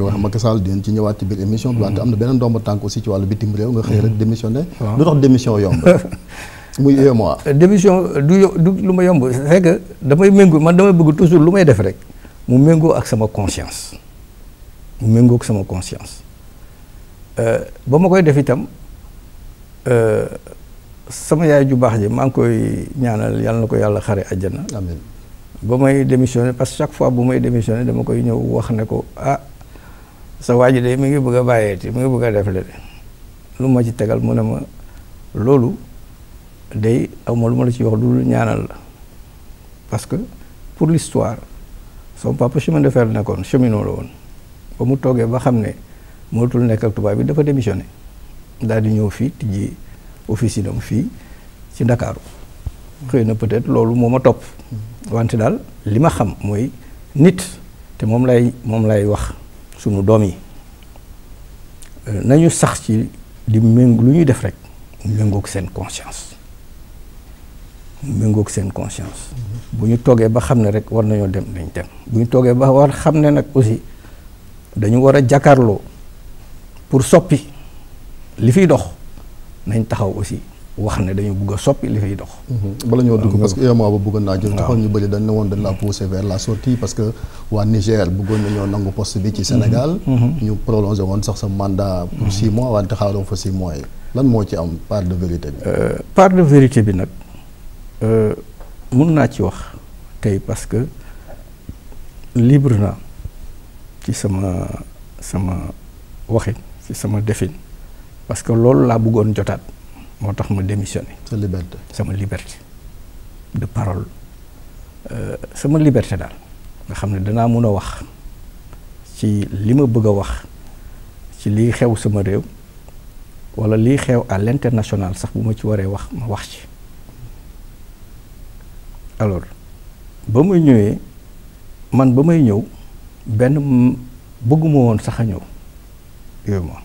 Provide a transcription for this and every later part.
ñëw Macky Sall dinañ ci ñëwaat ci biir émission bi wante am na beneen doomu tànk aussi ci wàllu bitim réew nga xëy rek démissionné lu tax démission yomb muy UEMOA euh, démission du du lu yomb c'est damay méngoo man damay bëgg toujours lu def rek mu méngoo ak sama conscience mu méngoo ak sama conscience euh, ba ma koy def itam euh, sama yaay ju ji ngi koy ñaanal yàlla na ko yàlla xare àjjana amiin ba may démissionné parce que chaque fois bu may dama koy ñëw wax ne ko ah sa waa ji de mi ngi bëgg a bàyyeeti mi ngi bëgg a def le lu ma ci tegal mu ne ma loolu day awma lu ma la ci wax lu ñaanal la parce que pour l'histoire son papa chemin de fer la nekkoon cheminot la woon ba mu toogee ba xam ne mënatul nekkal tubaab bi dafa démissionné daal di ñëw fii tijji officine am fii ci Ndakaaru xëy na peut-être loolu moo ma topp mm-hmm. wante daal li ma xam mooy nit te moom lay moom lay wax sunu doom yi euh, nañu sax ci di méng lu ñuy def rek mu seen conscience mu seen conscience mm-hmm. bu ñu toogee ba xam ne rek war nañoo dem nañ dem bu ñu toogee ba war xam ne nag aussi dañu war a jàkkaarloo pour soppi li fiy dox nañ taxaw aussi wax ne dañu bëgg a soppi li fay dox. Mhm. bala ñoo dugg parce que également ya, ba bëggoon naa jël nah. taxoon ñu bëri dañ ne woon dañ la poussé vers la sortie parce que waa Niger bëggoon nañoo nangu poste bi ci Sénégal. ñu mhm. mhm. prolongé woon sax sa mandat. pour six mois wante xaaroon fa six mois lan moo ci am part de vérité bi. part de vérité bi nag mun naa ci wax tey parce que libre naa ci sama sama waxin ci sama defin parce que loolu laa bëggoon jotaat moo tax ma démissionné. sa liberté sama liberté de parole euh, sama liberté daal nga xam ne danaa mun a wax ci li ma bëgg a wax ci lii xew sama réew wala lii xew à l'international sax bu ma ci waree wax ma wax ci alors ba muy ñëwee man ba may ñëw benn bëgguma woon sax a ñëw yooyu moom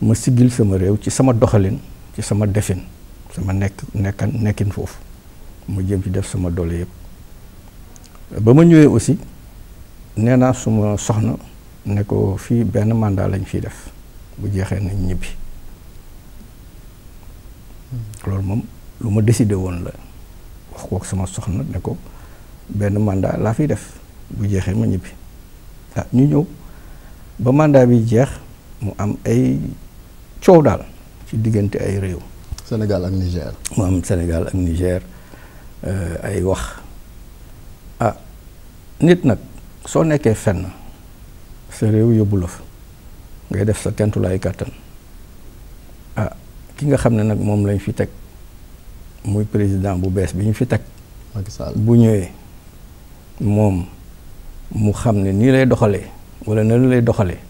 ma siggil sama réew ci sama doxalin ci sama defin sama nek nekkan nekkin foofu ma jëm ci def sama doole yépp ba ma ñëwee aussi nee naa suma soxna ne ko fii benn mandat lañ fiy def bu jeexee nañ ñibbi loolu moom lu ma décidé won la wax kook sama soxna ne ko benn mandat laa fiy def bu jeexee ma ñibbi ah ñu ñëw ba mandat bi jeex mu am ay coow daal ci diggante ay réew. Sénégal ak Niger. mu am Sénégal ak Niger euh, ay wax ah nit nag soo nekkee fen na sa réew yóbbu la fa ngay def sa tentulaay kàttan ah ki nga xam ne nag moom lañ fi teg muy président bu bees bi ñu fi teg. Macky Sall bu ñëwee moom mu xam ne nii lay doxalee wala na lay doxalee.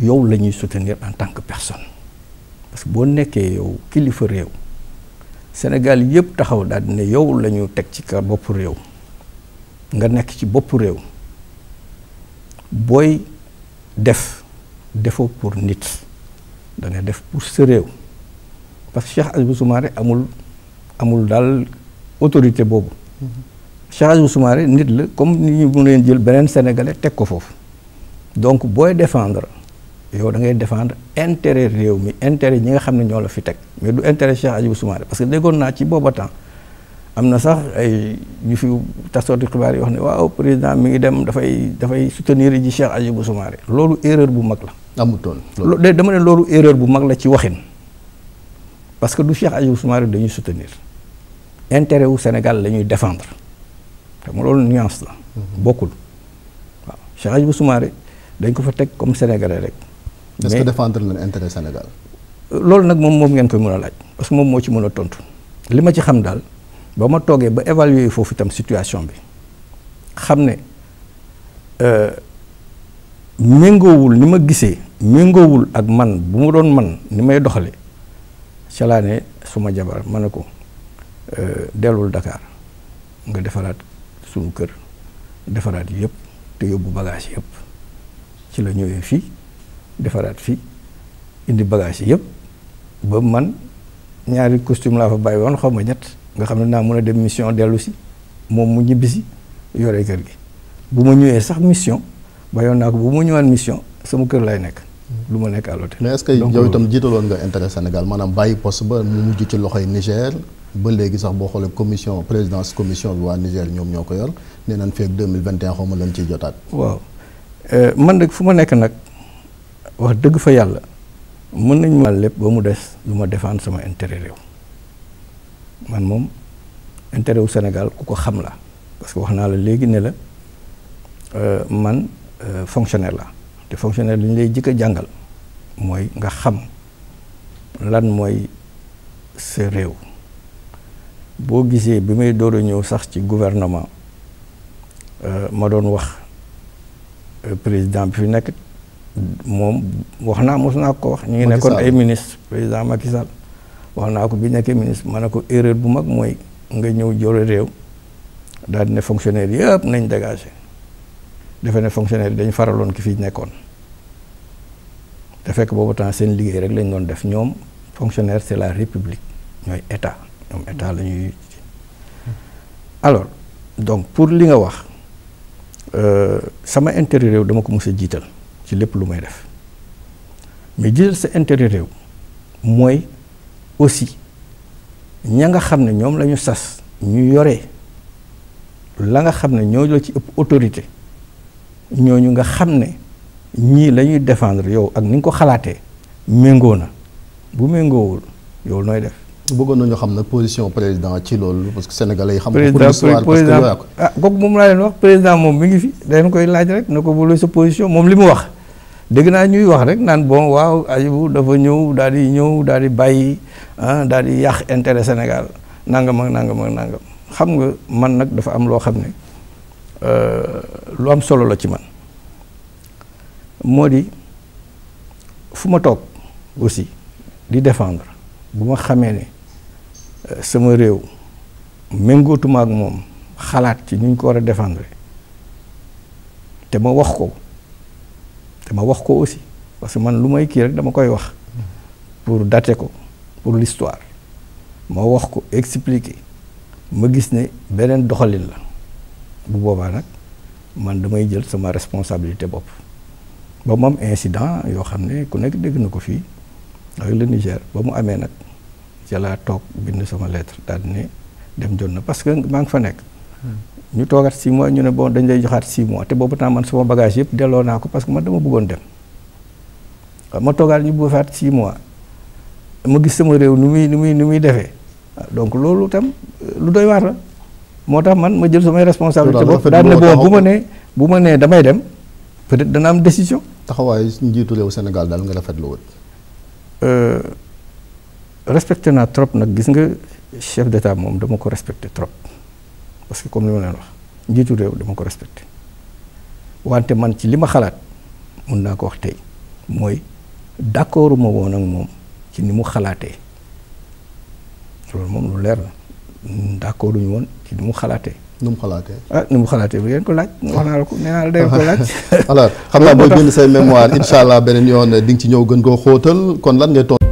yow la ñuy soutenir en tant que personne parce que boo nekkee yow kilifa réew Sénégal yëpp taxaw daal di ne yow la teg ci ka bopp réew nga nekk ci bopp réew booy def defoo pour nit da nga def pour sa réew parce que Cheikh Hadjibou Soumaré amul amul daal autorité boobu Cheikh Hadjibou Soumaré nit la comme ni ñu mu leen jël beneen sénégalais teg ko foofu donc booy défendre yow da ngay défendre intérêt réew mi intérêt ñi nga xam ne ñoo la fi teg mais du intérêt Cheikh Hadjibou Soumaré parce que déggoon naa ci booba temps am na sax ay ñu fi tasooti xibaar yi wax ne waaw président mi ngi dem dafay dafay soutenir yi Cheikh Hadjibou Soumaré loolu erreur bu mag la. amutoon loolu dama ne loolu erreur bu mag la ci waxin parce que du Cheikh Hadjibou Soumaré dañuy soutenir intérêt wu Sénégal lañuy ñuy défendre xam nga loolu nuance la. Mhm. bokkul waaw Cheikh Hadjibou Soumaré dañ ko fa teg comme sénégalais rek. mais est-ce que défendre leen loolu nag moom moom ngeen koy mën a laaj parce moom moo ci mën a tontu li ma ci xam daal ba ma toogee ba évaluer foofu itam situation bi xam ne euh, méngoowul ni ma gisee méngoowul ak man bu ma doon man ni may doxale ca laa ne suma jabar ma ne ko euh, delluwul dakaar nga defaraat sunu kër defaraat yëpp te yóbbu bagage yëpp ci la ñëwee fii. defaraat fii indi bagage yi yëpp ba man ñaari costume laa fa bàyyi woon xaw ma ñett nga xam ne naa mën a dem mission dellu si moom mu ñibbisi yoree kër gi bu ma ñëwee sax mission bayoon naa ko bu ma ñëwaan mission sama kër lay nekk. lu ma nekk à l'hôtel mais est-ce que yow nga intérêt Sénégal maanaam bàyyi poste ba mu Niger ba sax boo xoolee commission présidence commission bi waa Niger ñoom ñoo ko yor nee nañ feeg 2021 xaw ma lan ciy jotaat. waaw euh, man nag fu ma nekk nag. wax dëgg fa yàlla mën nañ ma lépp ba mu des lu ma défendre sama intére réew man moom intérêt wu Sénégal ku ko xam la parce wax naa la léegi ne la euh, man euh, fonctionnaire la te fonctionnaire li ñu lay jëkk a jàngal mooy nga xam lan mooy sa réew boo gisee bi may door a ñëw sax ci gouvernement euh, ma doon wax président bi fi nekk moom wax naa mos naa ko wax. ñu ngi nekkoon ay ministre président Macky wax naa ko bi nekkee ministre ma ne ko erreur bu mag mooy nga ñëw jore réew daal di ne fonctionnaire yëpp nañ dégagé defe ne fonctionnaire yi dañ faraloon ki fi nekkoon te fekk boobu temps seen liggéey rek lañ doon def ñoom fonctionnaire c'est la république ñooy état ñoom état la ñuy alors donc pour li nga wax euh, sama intérêt réew dama ko mos a jiital. ci lépp lu may def mais jël sa intérêt réew mooy aussi ña nga xam ne ñoom la ñu sas ñu yore la nga xam ne ñoo la ci ëpp autorité ñooñu nga xam ne ñii la ñuy défendre yow ak ni nga ko xalaatee méngoo na bu méngoowul yow nooy def. bëggoon nañu xam nag position président ci loolu parce que sénégalais yi xam. président président ah kooku moom laa leen wax président moom mi ngi fi dañ koy laaj rek na ko boole sa position moom li mu wax. dégg naa ñuy wax rek nan bon waaw Hadjibou dafa ñëw daal di ñëw daal di bàyyi ah daal di yàq intérêt Sénégal nangam ak nangam ak nangam xam nga man nak dafa am loo xam ne euh, lu am solo la ci man moo di fu aussi di défendre bu ma xamee ne euh, sama réew méngootuma ak moom xalaat ci ñu ko défendre ma wax ko te ma wax ko aussi parce que man lu may kii rek dama koy wax pour dater ko pour l'histoire ma wax ko expliquer ma gis ne beneen doxalin la bu boobaa nag man damay jël sama responsabilité bop ba mu am incident yoo xam ne ku nekk dégg na ko ak le Niger ba mu amee nag ci bind sama lettre daal ne dem jot na parce que maa ngi fa ñu toogaat 6 mois ñu ne bon dañ lay joxaat 6 mois te boobu temps man suma bagage yëpp delloo naa ko parce que man dama bëggoon dem ma toogaat ñu bëggaat 6 mois ma gis sama réew nu muy ni muy nu muy defee donc loolu tam euh, lu doy waar la moo tax man ma jël samay responsabilité bopp daal ne bon ma nee bu ma nee damay dem peut-être dana am décision. taxawaay njiitu réew Sénégal daal nga rafetlu woon. Euh, respecté naa trop nag gis nga chef d'État moom dama ko respecté trop. parce que comme li ma leen wax njiitu réew dama ko respecté wante man ci li ma xalaat mun naa ko wax tey mooy d'accord ma woon ak moom ci ni mu xalaatee loolu moom lu leer na d'accord ñu woon ci ni mu xalaatee. nu mu xalaatee. ah nu mu xalaatee ko laaj. Ah. wax naa la ko nee naa la dangeen ko laaj. alors xam naa booy bind say mémoire incha beneen yoon di ci ñëw gën koo xóotal kon lan ngay tontu.